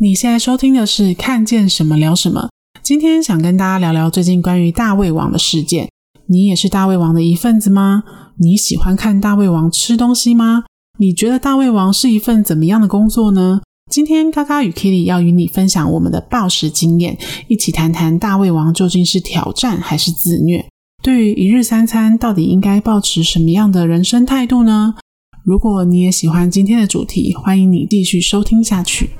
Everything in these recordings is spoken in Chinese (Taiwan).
你現在收聽的是《看見什麼聊什麼》。今天想跟大家聊聊最近關於大胃王的事件。你也是大胃王的一份子嗎？你喜歡看大胃王吃東西嗎？你覺得大胃王是一份怎麼樣的工作呢？今天嘎嘎與 Keely 要與你分享我們的暴食經驗，一起談談大胃王究竟是挑戰還是自虐？對於一日三餐，到底應該抱持什麼樣的人生態度呢？如果你也喜歡今天的主題，歡迎你繼續收聽下去。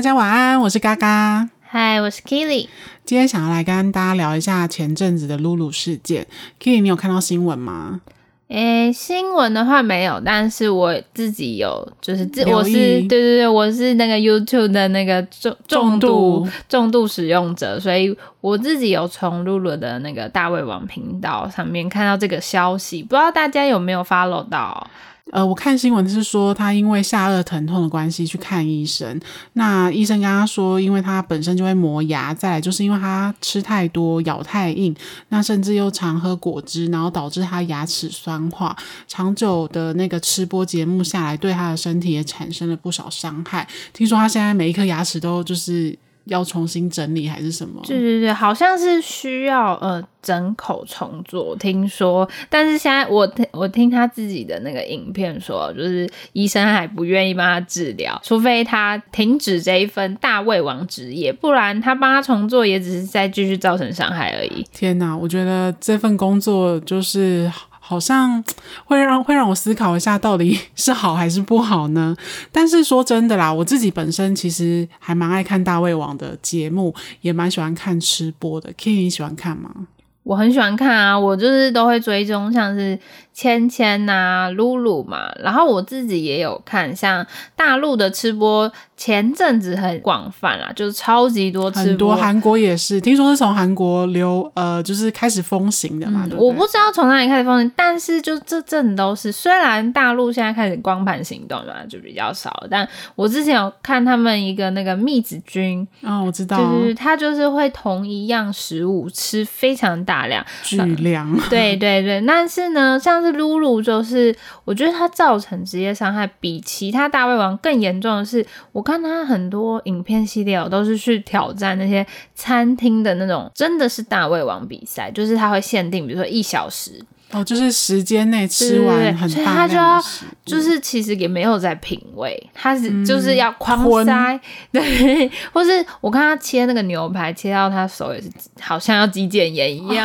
大家晚安，我是嘎嘎。嗨，我是 Keely。今天想要來跟大家聊一下前陣子的露露事件。Keely，你有看到新聞嗎？誒、欸，新聞的話沒有，但是我自己有，就是自意我是對對對，我是那個 YouTube 的那個重重度重度使用者，所以我自己有從露露的那個大胃王頻道上面看到這個消息，不知道大家有沒有 follow 到？呃，我看新聞是說他因為下顎疼痛的關係去看醫生，那醫生跟他說，因為他本身就會磨牙，再來就是因為他吃太多、咬太硬，那甚至又常喝果汁，然後導致他牙齒酸化。長久的那個吃播節目下來，對他的身體也產生了不少傷害。聽說他現在每一顆牙齒都就是。要重新整理還是什麼？對對對，好像是需要呃整口重做，聽說。但是現在我聽我聽他自己的那個影片說，就是醫生還不願意幫他治療，除非他停止這一份大胃王職業，不然他幫他重做也只是再繼續造成傷害而已。天哪，我覺得這份工作就是。好像會讓會讓我思考一下，到底是好還是不好呢？但是說真的啦，我自己本身其實還蠻愛看大胃王的節目，也蠻喜歡看吃播的。Keely 你喜歡看嗎？我很喜歡看啊，我就是都會追蹤，像是芊芊吶、啊、露露嘛，然後我自己也有看，像大陸的吃播，前陣子很廣泛啦、啊，就是超級多吃播。很多韓國也是，聽說是從韓國流，呃，就是開始風行的嘛。嗯、對吧？我不知道從哪裡開始風行，但是就這陣都是。雖然大陸現在開始光盤行動嘛，就比較少，但我之前有看他們一個那個密子君啊、哦，我知道，對對對，就是他就是會同一樣食物吃非常大大量，巨量良，對對對，但是呢，像是露露，就是我覺得他造成職業傷害比其他大胃王更嚴重的是，我看他很多影片系列，都是去挑戰那些餐廳的那種，真的是大胃王比賽，就是他會限定，比如說一小時。哦，就是時間內吃完很大量的食物。對對對，所以他就要就是其實也沒有在品味，他是、嗯、就是要狂塞，狂，對，或是我看他切那個牛排，切到他手也是好像要肌腱炎一樣，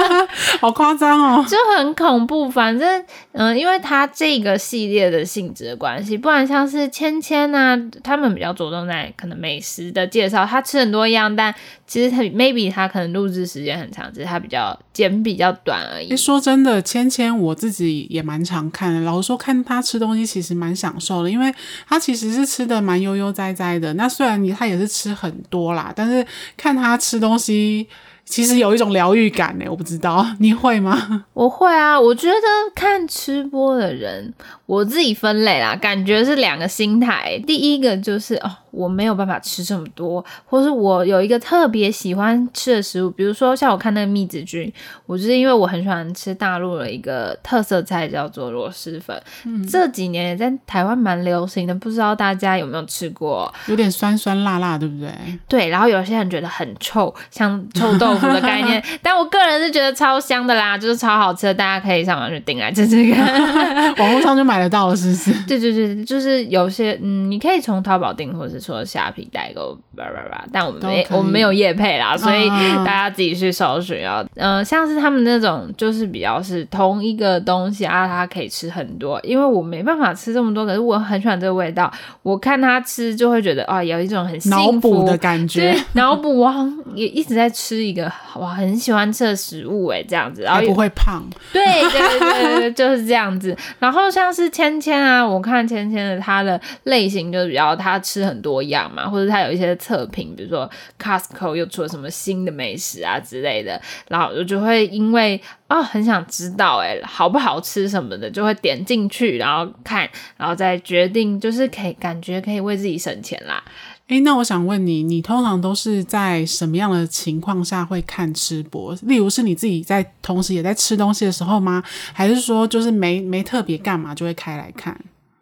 好誇張哦，就很恐怖。反正嗯，因為他這個系列的性質的關係，不然像是芊芊吶、啊，他們比較着重在可能美食的介紹，他吃很多樣，但其實他 maybe 他可能錄制時間很長，只是他比較剪比較短而已。欸、說真的。的芊芊，我自己也蠻常看的，老實說，看他吃東西其實蠻享受的，因為他其實是吃得蠻悠悠哉哉的。那雖然他也是吃很多啦，但是看他吃東西其實有一種療癒感呢、欸。我不知道你會嗎？我會啊，我覺得看吃播的人，我自己分類啦，感覺是兩個心態。第一個就是哦，我沒有辦法吃這麼多，或是我有一個特別喜歡吃的食物，比如說像我看那個密子君，我就是因為我很喜歡吃大陸的一個特色菜，叫做螺螄粉。嗯、這幾年也在台灣蠻流行的，不知道大家有沒有吃過？有點酸酸辣辣，對不對？對，然後有些人覺得很臭，像臭豆腐的概念， 但我個人是覺得超香的啦，就是超好吃的。大家可以上網去訂來吃這個， 網絡上就買得到，是不是？對對對，就是有些嗯，你可以從淘寶訂，或者是。說蝦皮代購吧吧吧，但我們沒，我們沒有業配啦，所以大家自己去搜尋、哦。嗯、啊呃，像是他們那種，就是比較是同一個東西啊，它可以吃很多，因為我沒辦法吃這麼多，可是我很喜歡這個味道。我看他吃就會覺得哦，有一種很幸福腦補的感覺。對腦補我也一直在吃一個，哇，很喜歡吃的食物哎、欸，這樣子，然後也還不會胖。對對對對，對，就是這樣子。 然後像是芊芊啊，我看芊芊的她的類型就是比較她吃很多。模樣嘛，或者他有一些測評，比如說 Costco 又出了什麼新的美食啊之類的，然後我就會因為啊、哦、很想知道誒、欸、好不好吃什麼的，就會點進去然後看，然後再決定就是可以感覺可以為自己省錢啦。誒，那我想問你，你通常都是在什麼樣的情況下會看吃播？例如是你自己在同時也在吃東西的時候嗎？還是說就是沒沒特別幹嘛就會開來看？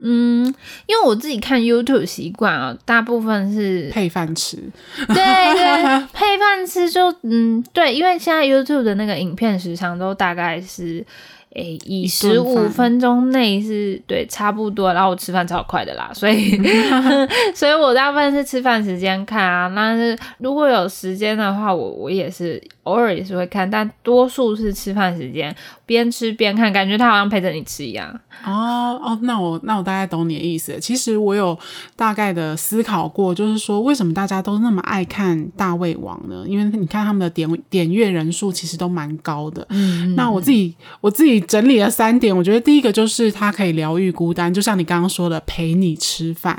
嗯，因為我自己看 YouTube 習慣啊、喔，大部分是配飯吃。對對，對 配飯吃就嗯，對，因為現在 YouTube 的那個影片時長都大概是，誒、欸，以十五分鐘內是對差不多。然後我吃飯超快的啦，所以 所以我大部分是吃飯時間看啊。那是如果有時間的話，我我也是偶爾也是會看，但多數是吃飯時間。邊吃邊看，感覺他好像陪着你吃一樣。哦哦，那我那我大概懂你的意思。其實我有大概的思考過，就是說為什麼大家都那麼愛看《大胃王》呢？因為你看他們的點點閱人數其實都蠻高的。嗯。那我自己我自己整理了三點，我覺得第一個就是它可以療癒孤單，就像你剛剛說的，陪你吃飯。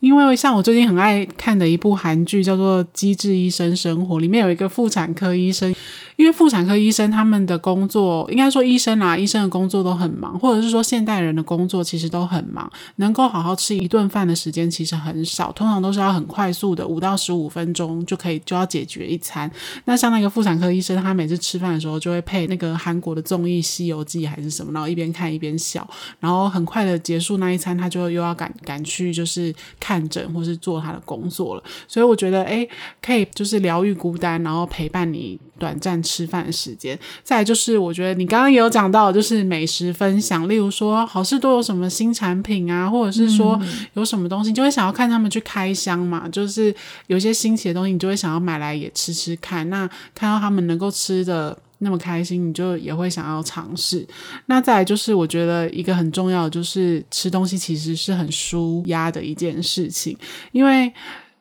因為像我最近很愛看的一部韓劇叫做《機智醫生生活》，裡面有一個婦產科醫生。因為婦產科醫生他們的工作，應該說醫生啊，醫生的工作都很忙，或者是說現代人的工作其實都很忙，能夠好好吃一頓飯的時間其實很少，通常都是要很快速的五到十五分鐘就可以就要解決一餐。那像那個婦產科醫生，他每次吃飯的時候就會配那個韓國的綜藝《西遊記》還是什麼，然後一邊看一邊笑，然後很快的結束那一餐，他就又要趕趕去就是看診或是做他的工作了。所以我覺得，哎，可以就是療癒孤單，然後陪伴你短暫。吃飯時間，再來就是我覺得你剛剛也有講到，就是美食分享，例如說好市多有什麼新產品啊，或者是說有什麼東西，你就會想要看他們去開箱嘛。就是有些新奇的東西，你就會想要買來也吃吃看。那看到他們能夠吃得那麼開心，你就也會想要嘗試。那再來就是我覺得一個很重要的就是吃東西其實是很舒壓的一件事情，因為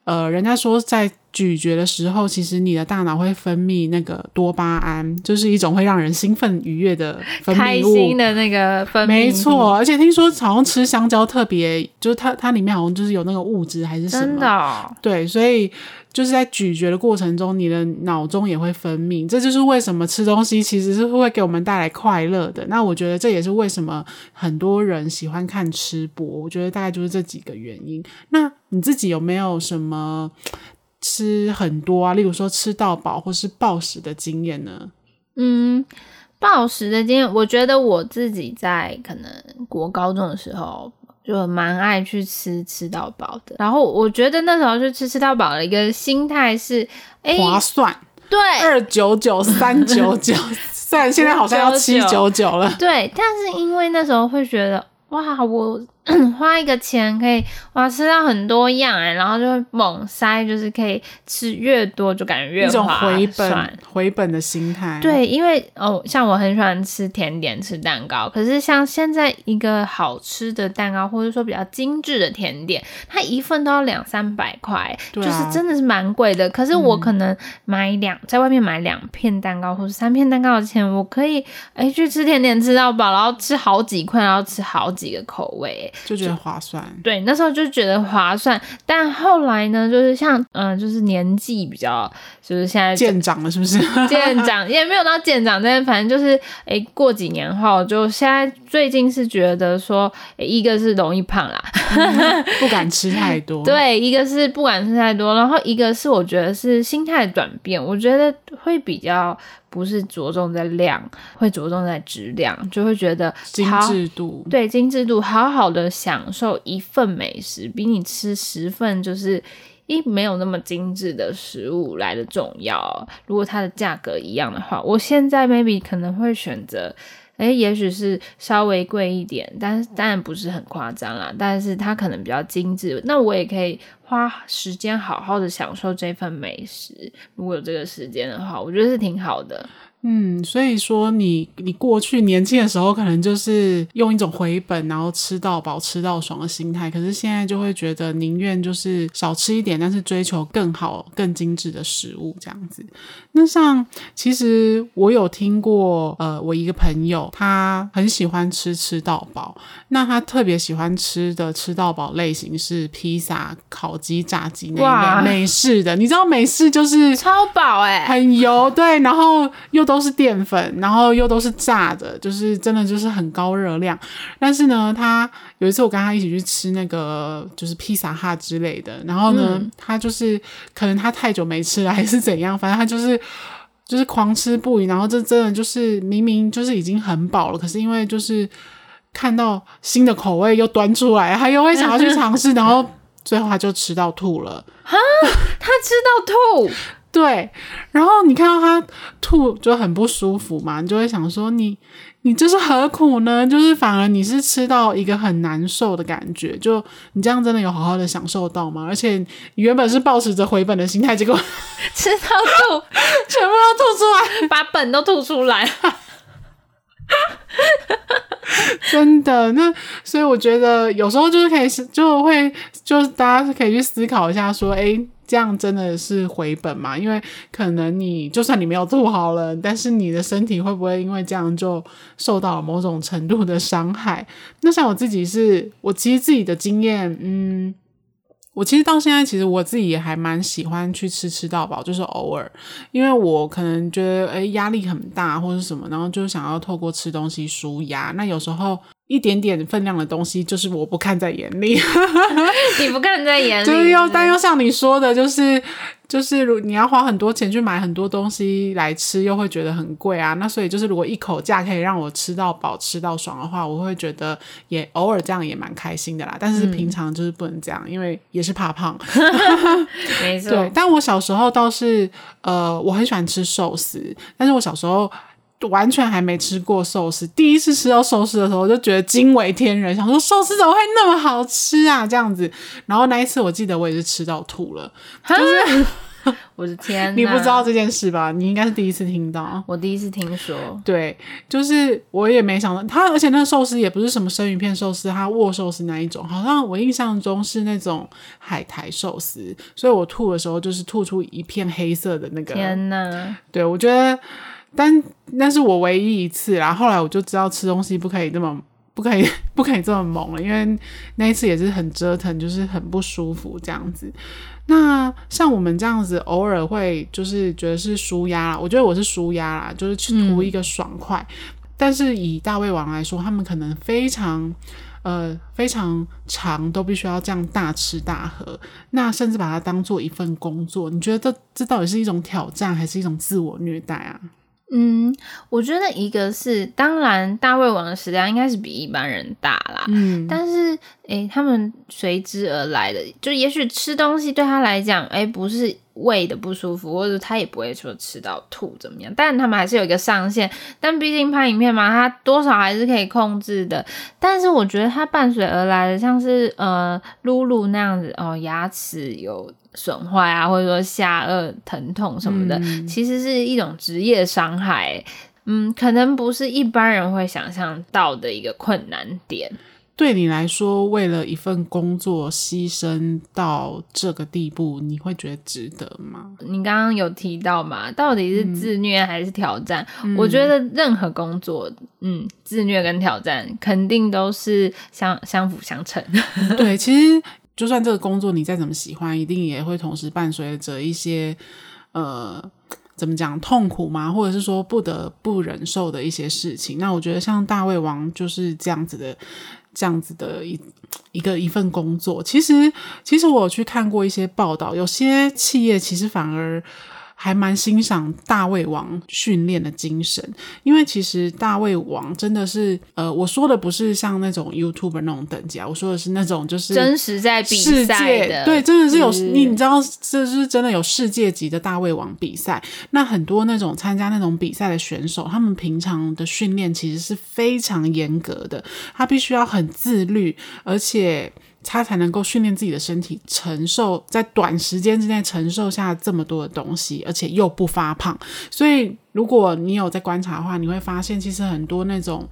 呃，人家說在。咀嚼的時候，其實你的大腦會分泌那個多巴胺，就是一種會讓人興奮愉悅的分泌物。開心的那個分泌。沒錯，而且聽說好像吃香蕉特別，就是它它裡面好像就是有那個物質還是什麼？真的哦。對，所以就是在咀嚼的過程中，你的腦中也會分泌，這就是為什麼吃東西其實是會給我們帶來快樂的。那我覺得這也是為什麼很多人喜歡看吃播。我覺得大概就是這幾個原因。那你自己有沒有什麼？吃很多啊，例如說吃到飽或是暴食的經驗呢？嗯，暴食的經驗，我覺得我自己在可能國高中的時候就蠻愛去吃吃到飽的。然後我覺得那時候就吃吃到飽的一個心態是、欸、划算，對，二九九三九九，雖然現在好像要七九九了，五九九，對。但是因為那時候會覺得，哇，我。 花一個錢可以，哇，吃到很多樣哎、欸，然後就會猛塞，就是可以吃越多就感覺越划算。一種回本酸回本的心態。對，因為哦，像我很喜歡吃甜點，吃蛋糕。可是像現在一個好吃的蛋糕，或者說比較精致的甜點，它一份都要兩三百塊，啊、就是真的是蠻貴的。可是我可能買兩，嗯、在外面買兩片蛋糕或者三片蛋糕的錢，我可以哎、欸、去吃甜點吃到飽，然後吃好幾塊，然後吃好幾個口味、欸。就覺得划算，對，那時候就覺得划算，但後來呢，就是像，嗯，就是年紀比較，就是現在漸長了，是不是漸 長也沒有到漸長，但是反正就是，哎、欸，過幾年後就現在最近是覺得說，欸、一個是容易胖啦， 不敢吃太多，對，一個是不敢吃太多，然後一個是我覺得是心態轉變，我覺得會比較。不是着重在量，會着重在質量，就會覺得精緻度，對精緻度，好好的享受一份美食，比你吃十份就是一沒有那麼精緻的食物來的重要。如果它的價格一樣的話，我現在 maybe 可能會選擇。哎、欸，也許是稍微貴一點，但是當然不是很誇張啦。但是它可能比較精緻，那我也可以花時間好好的享受這份美食。如果有這個時間的話，我覺得是挺好的。嗯，所以說你你過去年輕的時候可能就是用一種回本，然後吃到飽、吃到爽的心態，可是現在就會覺得寧願就是少吃一點，但是追求更好、更精緻的食物這樣子。那像其實我有聽過，呃，我一個朋友他很喜歡吃吃到飽，那他特別喜歡吃的吃到飽類型是披薩、烤雞、炸雞那一類美哇式的，你知道美式就是超飽哎，很油對，然後又。都是澱粉，然後又都是炸的，就是真的就是很高熱量。但是呢，他有一次我跟他一起去吃那個就是披薩哈之類的，然後呢，嗯、他就是可能他太久沒吃了還是怎樣，反正他就是就是狂吃不已，然後這真的就是明明就是已經很飽了，可是因為就是看到新的口味又端出來，他又會想要去嘗試， 然後最後他就吃到吐了。哈，他吃到吐。 對，然後你看到他吐就很不舒服嘛，你就會想說你你這是何苦呢？就是反而你是吃到一個很難受的感覺，就你這樣真的有好好的享受到嗎？而且你原本是抱持着回本的心態，結果吃到吐， 全部都吐出來，把本都吐出來了。 真的，那所以我覺得有時候就是可以，就會就是大家可以去思考一下說，說誒。這樣真的是回本嘛？因為可能你就算你沒有做好了，但是你的身體會不會因為這樣就受到某種程度的傷害？那像我自己是，我其實自己的經驗，嗯，我其實到現在其實我自己也還蠻喜歡去吃吃到飽，就是偶爾，因為我可能覺得誒，壓力很大或者什麼，然後就想要透過吃東西舒壓。那有時候。一點點分量的東西，就是我不看在眼裡。 你不看在眼裡，就是又但又像你說的、就是，就是就是，如你要花很多錢去買很多東西來吃，又會覺得很貴啊。那所以就是，如果一口價可以讓我吃到飽、吃到爽的話，我會覺得也偶爾這樣也蠻開心的啦。但是平常就是不能這樣，嗯、因為也是怕胖。 沒錯，對。但我小時候倒是呃，我很喜歡吃壽司，但是我小時候。完全還沒吃過壽司，第一次吃到壽司的時候，我就覺得驚為天人，想說壽司怎麼會那麼好吃啊？這樣子，然後那一次我記得我也是吃到吐了，就是我的天哪， 你不知道這件事吧？你應該是第一次聽到，我第一次聽說，對，就是我也沒想到它，而且那個壽司也不是什麼生魚片壽司，它握壽司那一種，好像我印象中是那種海苔壽司，所以我吐的時候就是吐出一片黑色的那個，天哪，對我覺得。但那是我唯一一次啦，然後後來我就知道吃東西不可以這麼不可以不可以這麼猛了，因為那一次也是很折騰，就是很不舒服這樣子。那像我們這樣子偶爾會就是覺得是舒壓，我覺得我是舒壓啦，就是去圖一個爽快。嗯、但是以大胃王來說，他們可能非常呃非常長都必須要這樣大吃大喝，那甚至把它當做一份工作。你覺得這這到底是一種挑戰，還是一種自我虐待啊？嗯，我覺得一個是，當然大胃王的食量應該是比一般人大啦，嗯，但是誒，他們隨之而來的，就也許吃東西對他來講，誒，不是。胃的不舒服，或者他也不會說吃到吐怎麼樣，但他們還是有一個上限，但畢竟拍影片嘛，他多少還是可以控制的。但是我覺得他伴隨而來的，像是呃露露那樣子哦，牙齒有損壞啊，或者說下顎疼痛什麼的，嗯、其實是一種職業傷害、欸。嗯，可能不是一般人會想象到的一個困難點。對你來說，為了一份工作犧牲到這個地步，你會覺得值得嗎？你剛剛有提到嘛？到底是自虐還是挑戰？嗯，我覺得任何工作，嗯，自虐跟挑戰肯定都是相相輔相成。 對，其實就算這個工作你再怎麼喜歡，一定也會同時伴隨着一些呃，怎麼講，痛苦嗎？或者是說不得不忍受的一些事情。那我覺得像大胃王就是這樣子的。這樣子的一一個一份工作，其實其實我有去看過一些報道，有些企業其實反而。還蠻欣賞大胃王訓練的精神，因為其實大胃王真的是，呃，我說的不是像那種 YouTuber 那種等級啊，我說的是那種就是世界真實在比賽的，對，真的是有、嗯、你，你知道這是真的有世界級的大胃王比賽，那很多那種參加那種比賽的選手，他們平常的訓練其實是非常嚴格的，他必須要很自律，而且。他才能夠訓練自己的身體承受，在短時間之內承受下這麼多的東西，而且又不發胖。所以，如果你有在觀察的話，你會發現，其實很多那種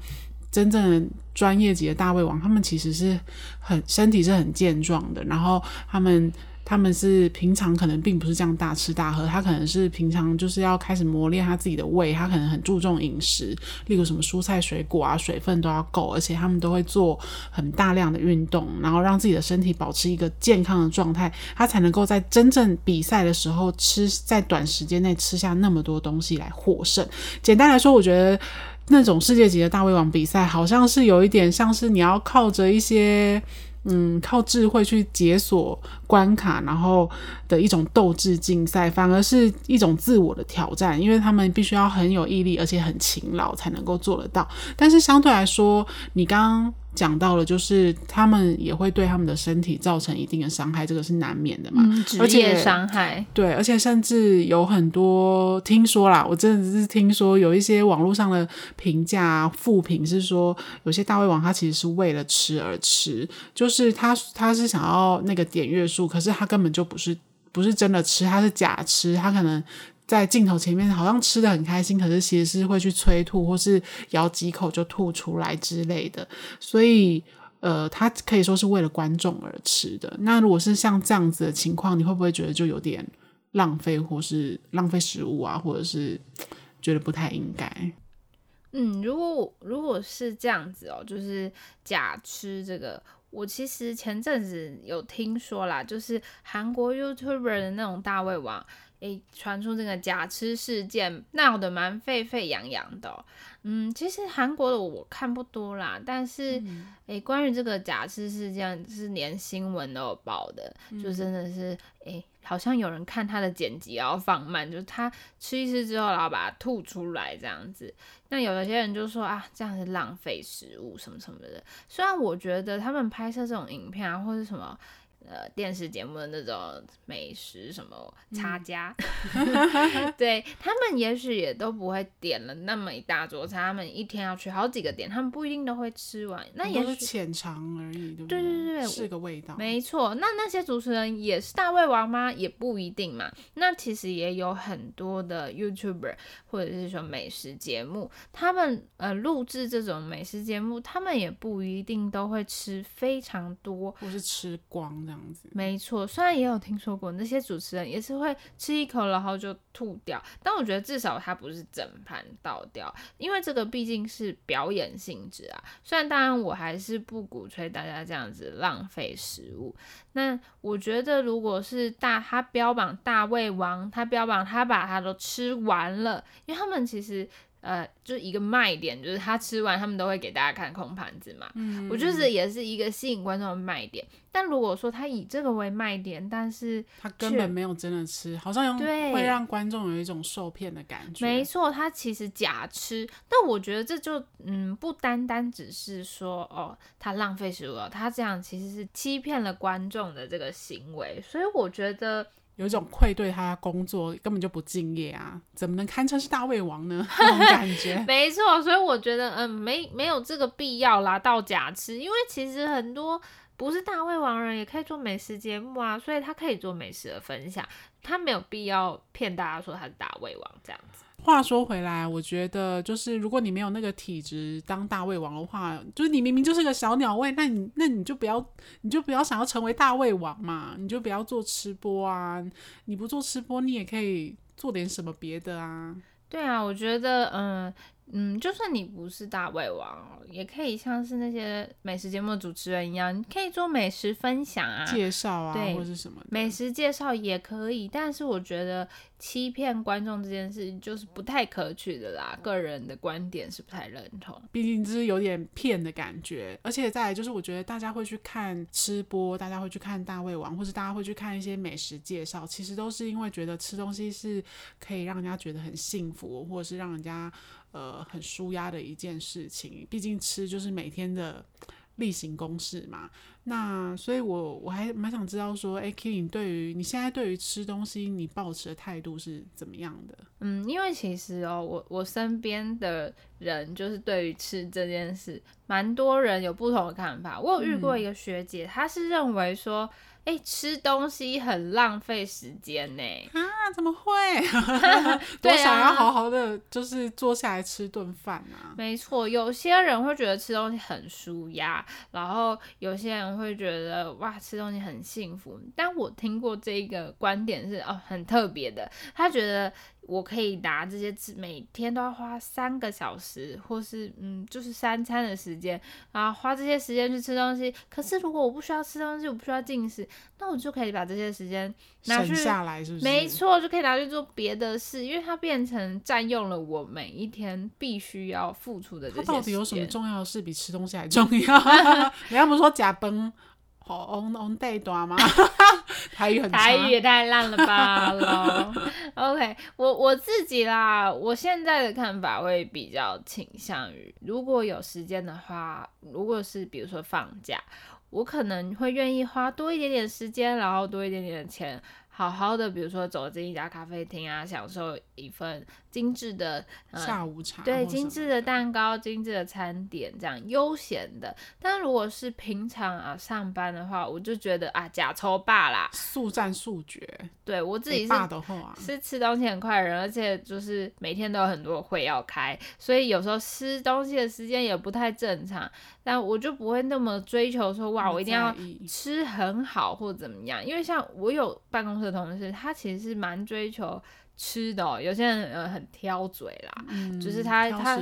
真正的專業級的大胃王，他們其實是很身體是很健壯的，然後他們。他們是平常可能並不是這樣大吃大喝，他可能是平常就是要開始磨練他自己的胃，他可能很注重飲食，例如什麼蔬菜水果啊，水分都要夠，而且他們都會做很大量的運動，然後讓自己的身體保持一個健康的狀態，他才能夠在真正比賽的時候吃，在短時間內吃下那麼多東西來獲勝。簡單來說，我覺得那種世界級的大胃王比賽好像是有一點像是你要靠着一些。嗯，靠智慧去解鎖關卡，然後的一種鬥智競賽，反而是一種自我的挑戰，因為他們必須要很有毅力，而且很勤勞才能夠做得到。但是相對來說，你剛剛。講到了，就是他們也會對他們的身體造成一定的傷害，這個是難免的嘛。而且傷害，對，而且甚至有很多聽說啦，我真的是聽說有一些網絡上的評價、啊、負評是說，有些大胃王他其實是為了吃而吃，就是他他是想要那個點閱數，可是他根本就不是不是真的吃，他是假吃，他可能。在鏡頭前面好像吃得很開心，可是其實是會去催吐，或是咬幾口就吐出來之類的。所以，呃，他可以說是為了觀眾而吃的。那如果是像這樣子的情況，你會不會覺得就有點浪費，或是浪費食物啊，或者是覺得不太應該？嗯，如果如果是這樣子哦、喔，就是假吃這個。我其實前陣子有聽說啦，就是韓國 YouTuber 的那種大胃王。哎，傳出這個假吃事件，鬧得蠻沸沸揚揚的、哦。嗯，其實韓國的我看不多啦，但是哎、嗯，關於這個假吃事件，是連新聞都有報的，嗯、就真的是哎，好像有人看他的剪輯要放慢，就是他吃一次之後，然後把它吐出來這樣子。那有一些人就說啊，這樣是浪費食物什麼什麼的。雖然我覺得他們拍攝這種影片啊，或者什麼。呃，電視節目的那種美食什麼差價，嗯、 對 他們也許也都不會點了那麼一大桌菜，他們一天要去好幾個店，他們不一定都會吃完，那也是淺嘗而已，對不對？對對對，是個味道。沒錯，那那些主持人也是大胃王嗎？也不一定嘛。那其實也有很多的 YouTuber，或者是說美食節目，他們呃錄製這種美食節目，他們也不一定都會吃非常多，不是吃光的。沒錯，雖然也有聽說過那些主持人也是會吃一口然後就吐掉，但我覺得至少他不是整盤倒掉，因為這個畢竟是表演性質啊。雖然當然，我還是不鼓吹大家這樣子浪費食物。那我覺得，如果是大，他標榜大胃王，他標榜他把它都吃完了，因為他們其實。呃，就一個賣點，就是他吃完，他們都會給大家看空盤子嘛。嗯，我就是也是一個吸引觀眾的賣點。但如果說他以這個為賣點，但是他根本沒有真的吃，好像有對會讓觀眾有一種受騙的感覺。沒錯，他其實假吃。但我覺得這就嗯，不單單只是說哦，他浪費食物了，他這樣其實是欺騙了觀眾的這個行為。所以我覺得。有一種愧對，他工作根本就不敬業啊，怎麼能堪稱是大胃王呢？那種感覺。 沒錯，所以我覺得，嗯，沒沒有這個必要啦，造假吃，因為其實很多不是大胃王人，也可以做美食節目啊，所以他可以做美食的分享，他沒有必要騙大家說他是大胃王這樣子。話說回來，我覺得就是如果你沒有那個體質當大胃王的話，就是你明明就是個小鳥胃，那你那你就不要，你就不要想要成為大胃王嘛，你就不要做吃播啊！你不做吃播，你也可以做點什麼別的啊。對啊，我覺得嗯。呃嗯，就算你不是大胃王，也可以像是那些美食節目的主持人一樣，你可以做美食分享啊、介紹啊，對或者是什麼的美食介紹也可以。但是我覺得欺騙觀眾這件事就是不太可取的啦，個人的觀點是不太認同。畢竟這是有點騙的感覺，而且再來就是我覺得大家會去看吃播，大家會去看大胃王，或者大家會去看一些美食介紹，其實都是因為覺得吃東西是可以讓人家覺得很幸福，或者是讓人家。呃，很舒壓的一件事情，畢竟吃就是每天的例行公事嘛。那所以我，我我還蠻想知道說，哎，Keely 對於你現在對於吃東西，你抱持的態度是怎麼樣的？嗯，因為其實哦，我我身邊的人就是對於吃這件事，蠻多人有不同的看法。我有遇過一個學姐，嗯、她是認為說。哎、欸，吃東西很浪費時間呢！啊，怎麼會？多想要好好的，就是坐下來吃頓飯啊！沒錯，有些人會覺得吃東西很紓壓，然後有些人會覺得哇，吃東西很幸福。但我聽過這一個觀點是哦，很特別的，他覺得。我可以拿這些吃，每天都要花三個小時，或是嗯，就是三餐的時間啊，然後花這些時間去吃東西。可是如果我不需要吃東西，我不需要進食，那我就可以把這些時間省下來，是不是？沒錯，就可以拿去做別的事，因為它變成佔用了我每一天必須要付出的這些時間。他到底有什麼重要的事比吃東西還重要？ 你要不說假崩？好，n on day 短台語很台語也太爛了吧 了。OK，我我自己啦，我現在的看法會比較傾向於，如果有時間的話，如果是比如說放假，我可能會願意花多一點點時間，然後多一點點錢，好好的，比如說走進一家咖啡廳啊，享受一份。精緻的、呃、下午茶，對，精緻的蛋糕，精緻的餐點，這樣悠閒的。但如果是平常啊上班的話，我就覺得啊呷粗飽了，速戰速決。對我自己是、欸啊、是吃東西很快的人，而且就是每天都有很多會要開，所以有時候吃東西的時間也不太正常。但我就不會那麼追求說哇，我一定要吃很好或怎麼樣，因為像我有辦公室的同事，他其實是蠻追求。吃的、哦，有些人呃很，很挑嘴啦，嗯、就是他他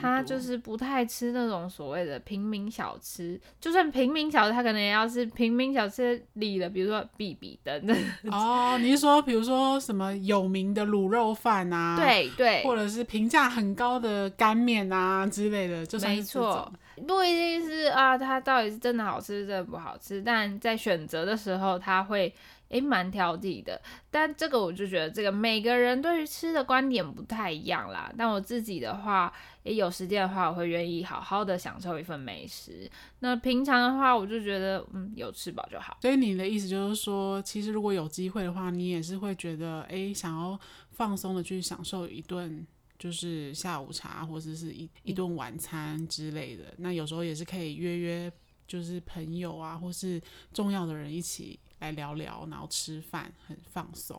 他就是不太吃那種所謂的平民小吃，就算平民小吃，他可能也要是平民小吃裡的，比如說必比登。哦， 你是說比如說什麼有名的滷肉飯啊？對對。對或者是評價很高的乾麵啊之類的，就算是沒錯。不一定是啊，它到底是真的好吃，是真的不好吃。但在選擇的時候它，他會誒蠻挑剔的。但這個我就覺得，這個每個人對於吃的觀點不太一樣啦。但我自己的話，也有時間的話，我會願意好好的享受一份美食。那平常的話，我就覺得嗯，有吃飽就好。所以你的意思就是說，其實如果有機會的話，你也是會覺得誒、欸，想要放鬆的去享受一頓。就是下午茶，或者是是一一頓晚餐之類的。那有時候也是可以約約，就是朋友啊，或是重要的人一起來聊聊，然後吃飯，很放鬆。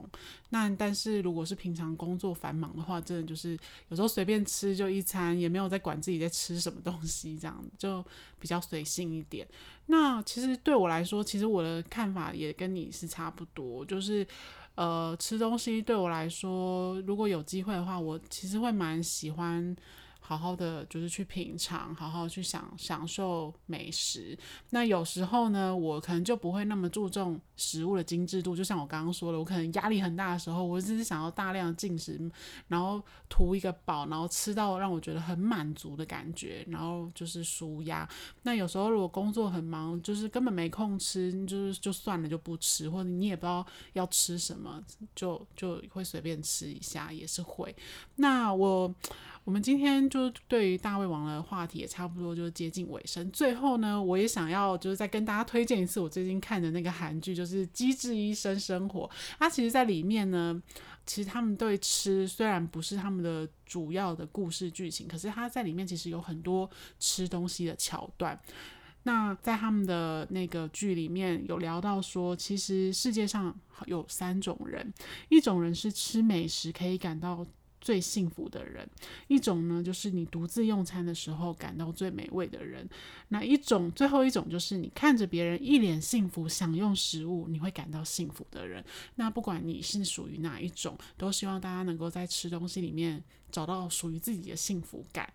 那但是如果是平常工作繁忙的話，真的就是有時候隨便吃就一餐，也沒有在管自己在吃什麼東西，這樣就比較隨性一點。那其實對我來說，其實我的看法也跟你是差不多，就是，呃，吃東西對我來說，如果有機會的話，我其實會蠻喜歡。好好的，就是去品嚐，好好去享享受美食。那有時候呢，我可能就不會那麼注重食物的精致度。就像我剛剛說的，我可能壓力很大的時候，我只是想要大量的進食，然後圖一個飽，然後吃到讓我覺得很滿足的感覺，然後就是舒壓。那有時候如果工作很忙，就是根本沒空吃，就是就算了就不吃，或者你也不知道要吃什麼，就就會隨便吃一下也是會。那我。我們今天就是對於大胃王的話題也差不多就是接近尾聲。最後呢，我也想要就是再跟大家推薦一次我最近看的那個韓劇，就是《機智醫生生活》。它、啊、其實，在裡面呢，其實他們對吃雖然不是他們的主要的故事劇情，可是他在裡面其實有很多吃東西的橋段。那在他們的那個劇裡面有聊到說，其實世界上有三種人，一種人是吃美食可以感到。最幸福的人，一種呢，就是你獨自用餐的時候感到最美味的人。那一種，最後一種，就是你看着別人一臉幸福，享用食物，你會感到幸福的人。那不管你是屬於哪一種，都希望大家能夠在吃東西裡面找到屬於自己的幸福感。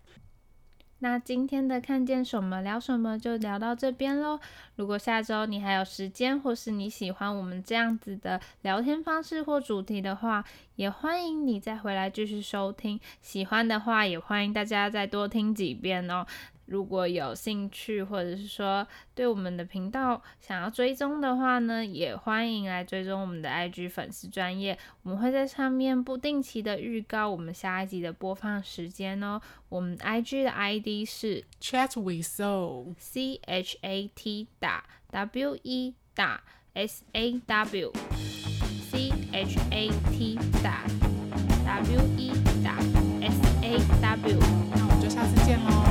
那今天的看見什麼聊什麼就聊到這邊嘍。如果下周你還有時間，或是你喜歡我們這樣子的聊天方式或主題的話，也歡迎你再回來繼續收聽。喜歡的話，也歡迎大家再多聽幾遍哦。如果有興趣，或者是說對我們的頻道想要追蹤的話呢，也歡迎來追蹤我們的 IG 粉絲專頁，我們會在上面不定期的預告我們下一集的播放時間哦。我們 IG 的 ID 是 Chat with Saw，C H A T 打 W E 打 S A W，C H A T 打 W E dot S A W。那我們就下次見嘍。